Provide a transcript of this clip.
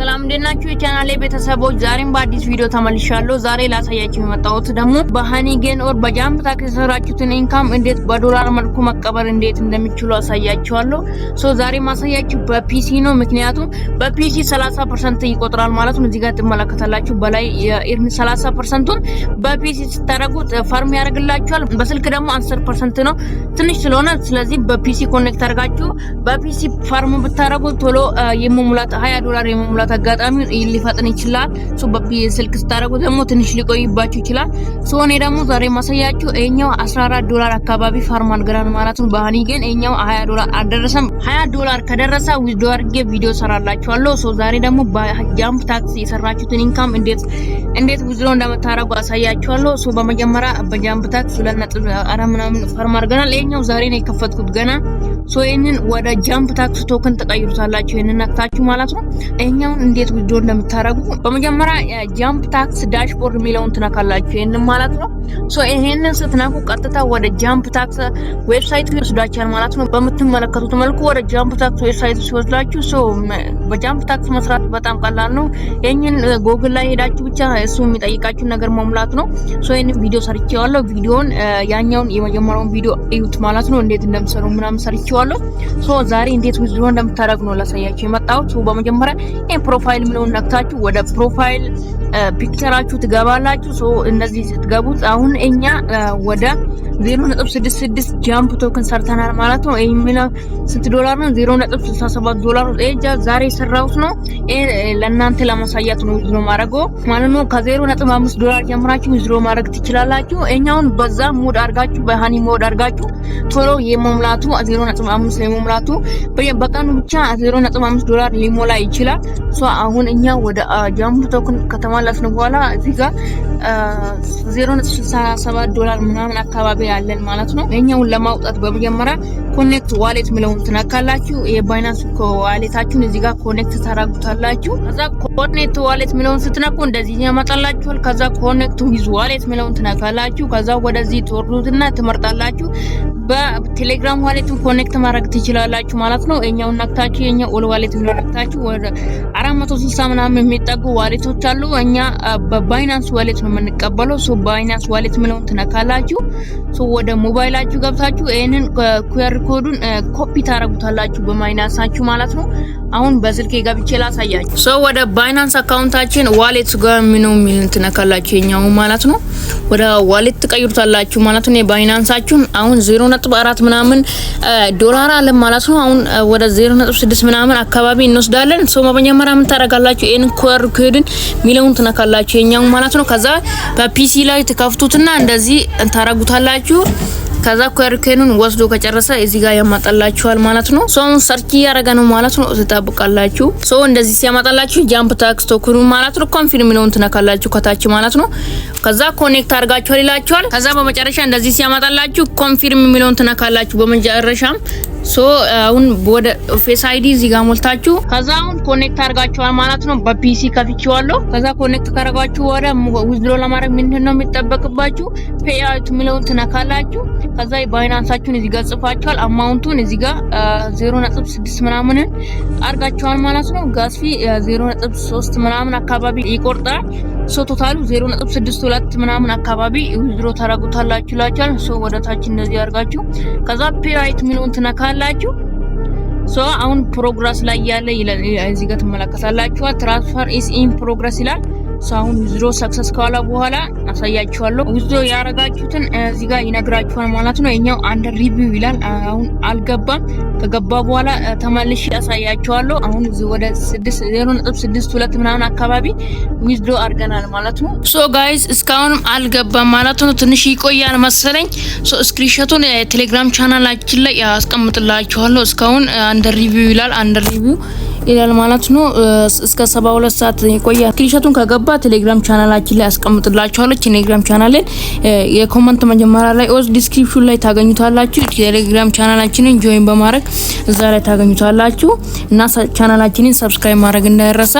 ሰላም እንዴት ናችሁ? የቻናሌ ቤተሰቦች ዛሬም በአዲስ ቪዲዮ ተመልሻለሁ። ዛሬ ላሳያችሁ የመጣሁት ደግሞ ጌን ኦር በጃምፕ ታክ የሰራችሁትን ኢንካም እንዴት በዶላር መልኩ መቀበል እንዴት እንደሚችሉ አሳያችኋለሁ። ሶ ዛሬ ማሳያችሁ በፒሲ ነው። ምክንያቱም በፒሲ 30 ፐርሰንት ይቆጥራል ማለት ነው። እዚህ ጋር ትመለከታላችሁ። በላይ የኢርን 30 ፐርሰንቱን በፒሲ ስታደረጉት ፈርም ያደርግላችኋል። በስልክ ደግሞ አስር ፐርሰንት ነው ትንሽ ስለሆነ፣ ስለዚህ በፒሲ ኮኔክት አድርጋችሁ በፒሲ ፈርም ብታደረጉት ቶሎ የመሙላት 20 ዶላር የመሙላት የመምጣት አጋጣሚውን ሊፈጥን ይችላል። ስልክ ስታደረጉ ደግሞ ትንሽ ሊቆይባችሁ ይችላል። እኔ ደግሞ ዛሬ ማሳያችሁ ይኸኛው 14 ዶላር አካባቢ ፋርማን ግራን ማለት ነው። ባህኒ ግን ይኸኛው 20 ዶላር አልደረሰም። 20 ዶላር ከደረሰ ዊዝዶ አድርጌ ቪዲዮ ሰራላችኋለሁ። ሶ ዛሬ ደግሞ በጃምፕ ታክስ የሰራችሁትን ኢንካም እንዴት እንዴት ዊዝዶ እንደምታደርጉ አሳያችኋለሁ። ሶ በመጀመሪያ በጃምፕ ታክስ 2.4 ምናምን ፋርማ አድርገናል። ይኸኛው ዛሬ ነው የከፈትኩት ገና ሶ ይህንን ወደ ጃምፕ ታክስ ቶክን ተቀይሩታላችሁ። ይህንን ነክታችሁ ማለት ነው። ይህኛውን እንዴት ዊድሮ እንደምታደረጉ በመጀመሪያ ጃምፕ ታክስ ዳሽቦርድ የሚለውን ትነካላችሁ። ይህንን ማለት ነው። ሶ ይህንን ስትነኩ ቀጥታ ወደ ጃምፕ ታክስ ዌብሳይት ይወስዳችኋል ማለት ነው። በምትመለከቱት መልኩ ወደ ጃምፕ ታክስ ዌብሳይት ሲወስዳችሁ በጃምፕ ታክስ መስራት በጣም ቀላል ነው። የእኝን ጎግል ላይ ሄዳችሁ ብቻ እሱ የሚጠይቃችሁ ነገር መሙላት ነው። ሶ ይህን ቪዲዮ ሰርቼዋለሁ። ቪዲዮን ያኛውን የመጀመሪያውን ቪዲዮ እዩት ማለት ነው። እንዴት እንደምሰሩ ምናምን ሰርቼዋለሁ። ሶ ዛሬ እንዴት ዊዝድሮ እንደምታደርጉ ነው ላሳያችሁ የመጣሁት። በመጀመሪያ ይህን ፕሮፋይል ምለውን ነክታችሁ ወደ ፕሮፋይል ፒክቸራችሁ ትገባላችሁ። እነዚህ ስትገቡት አሁን እኛ ወደ ዜሮ ነጥብ ስድስት ስድስት ጃምፕ ቶክን ሰርተናል ማለት ነው። ምና ስንት ዶላር ነው? ዜሮ ነጥብ ስልሳ ሰባት ዶላር ዛሬ የሰራሁት ነው። ለእናንተ ለማሳያት ነው ዊዝድሮ ማድረገው ማለት ነው። ከዜሮ ነጥብ አምስት ዶላር ጀምራችሁ ዊዝድሮ ማድረግ ትችላላችሁ። እኛውን በዛ ሙድ አድርጋችሁ በሃኒ ሞድ አድርጋችሁ ቶሎ የመሙላቱ ዜሮ ነጥብ አምስት የመሙላቱ በቀኑ ብቻ ዜሮ ነጥብ አምስት ዶላር ሊሞላ ይችላል። አሁን እኛ ወደ ጃምፕ ቶክን ነው በኋላ እዚህ ጋር ዜሮ ነጥብ ስልሳ ሰባት ዶላር ምናምን አካባቢ ያለን ማለት ነው። እኛውን ለማውጣት በመጀመሪያ ኮኔክት ዋሌት ምለውን ትነካላችሁ። የባይናንስ ዋሌታችሁን እዚህ ጋር ኮኔክት ታደርጉታላችሁ። ከዛ ኮኔክት ዋሌት ምለውን ስትነኩ እንደዚህ ያመጣላችኋል። ከዛ ኮኔክት ዊዝ ዋሌት ምለውን ትነካላችሁ። ከዛ ወደዚህ ትወርዱትና ትመርጣላችሁ። በቴሌግራም ዋሌት ኮኔክት ማድረግ ትችላላችሁ ማለት ነው። እኛው ነክታችሁ የኛው ኦል ዋሌት ነው ነክታችሁ ወደ 460 ምናምን የሚጠጉ ዋሌቶች አሉ። እኛ በባይናንስ ዋሌት ነው የምንቀበለው። ሶ ባይናንስ ዋሌት ምለውን ትነካላችሁ። ሶ ወደ ሞባይላችሁ ገብታችሁ ይሄንን ኩዌር ኮዱን ኮፒ ታረጉታላችሁ በማይናንሳችሁ ማለት ነው። አሁን በስልክ ገብቼ ላሳያችሁ። ሶ ወደ ባይናንስ አካውንታችን ዋሌት ጋር ምነው የሚልን ትነካላችሁ የኛውን ማለት ነው። ወደ ዋሌት ትቀይሩታላችሁ ማለት ነው። የባይናንሳችሁን አሁን 0.4 ምናምን ዶላር አለ ማለት ነው። አሁን ወደ 0.6 ምናምን አካባቢ እንወስዳለን። ሶ መጀመሪያ ምን ታደርጋላችሁ? ኤን ኮር ኩድን ሚለውን ትነካላችሁ የኛው ማለት ነው። ከዛ በፒሲ ላይ ትከፍቱትና እንደዚህ ታረጉታላችሁ። ከዛ ኩዌርኬኑን ወስዶ ከጨረሰ እዚህ ጋር ያመጣላችኋል ማለት ነው። ሰውን ሰርች እያረገ ነው ማለት ነው። ትጠብቃላችሁ። ሰው እንደዚህ ሲያመጣላችሁ ጃምፕ ታክስ ቶክኑ ማለት ነው። ኮንፊርም ነው ትነካላችሁ ከታች ማለት ነው። ከዛ ኮኔክት አድርጋችኋል ይላችኋል። ከዛ በመጨረሻ እንደዚህ ሲያመጣላችሁ ኮንፊርም የሚለውን ትነካላችሁ። በመጨረሻም ሶ አሁን ወደ ፌስ አይዲ እዚህ ጋር ሞልታችሁ ከዛ አሁን ኮኔክት አድርጋችኋል ማለት ነው። በፒሲ ከፍቼዋለሁ። ከዛ ኮኔክት ካደረጋችሁ ወደ ዊዝድሮ ለማድረግ ምንድን ነው የሚጠበቅባችሁ? ፔይአውት የሚለውን ትነካላችሁ። ከዛ ባይናንሳችሁን እዚህ ጋር ጽፋችኋል። አማውንቱን እዚህ ጋር 0.6 ምናምንን አድርጋችኋል ማለት ነው። ጋስፊ 0.3 ምናምን አካባቢ ይቆርጣል። ሶ ቶታሉ 0.62 ምናምን አካባቢ ዊዝድሮ ታረጉታላችሁ ላችኋል። ሶ ወደታች እንደዚህ አድርጋችሁ ከዛ ፔራይት ሚሊዮን ትነካላችሁ። ሶ አሁን ፕሮግረስ ላይ ያለ እዚህ ጋር ትመለከታላችሁ። ትራንስፈር ኢስ ኢን ፕሮግረስ ይላል። ሳሁን ዊዝድሮ ሰክሰስ ከኋላ በኋላ አሳያችኋለሁ። ዊዝድሮ ያረጋችሁትን እዚህ ጋር ይነግራችኋል ማለት ነው። የኛው አንደር ሪቪው ይላል። አሁን አልገባም። ከገባ በኋላ ተመልሼ ያሳያችኋለሁ። አሁን እዚህ ወደ ሁለት ምናምን አካባቢ ዊዝድሮ አድርገናል ማለት ነው። ሶ ጋይዝ እስካሁንም አልገባም ማለት ነው። ትንሽ ይቆያል መሰለኝ። ሶ ስክሪንሾቱን ቴሌግራም ቻናላችን ላይ አስቀምጥላችኋለሁ። እስካሁን አንደር ሪቪው ይላል። አንደር ሪቪው ይላል ማለት ነው። እስከ 72 ሰዓት ይቆያል። ክሊሸቱን ከገባ ቴሌግራም ቻናላችን ላይ አስቀምጥላችኋለሁ። ቴሌግራም ቻናልን የኮመንት መጀመሪያ ላይ ኦዝ ዲስክሪፕሽን ላይ ታገኙታላችሁ። ቴሌግራም ቻናላችንን ጆይን በማድረግ እዛ ላይ ታገኙታላችሁ እና ቻናላችንን ሰብስክራይብ ማድረግ እንዳይረሳ።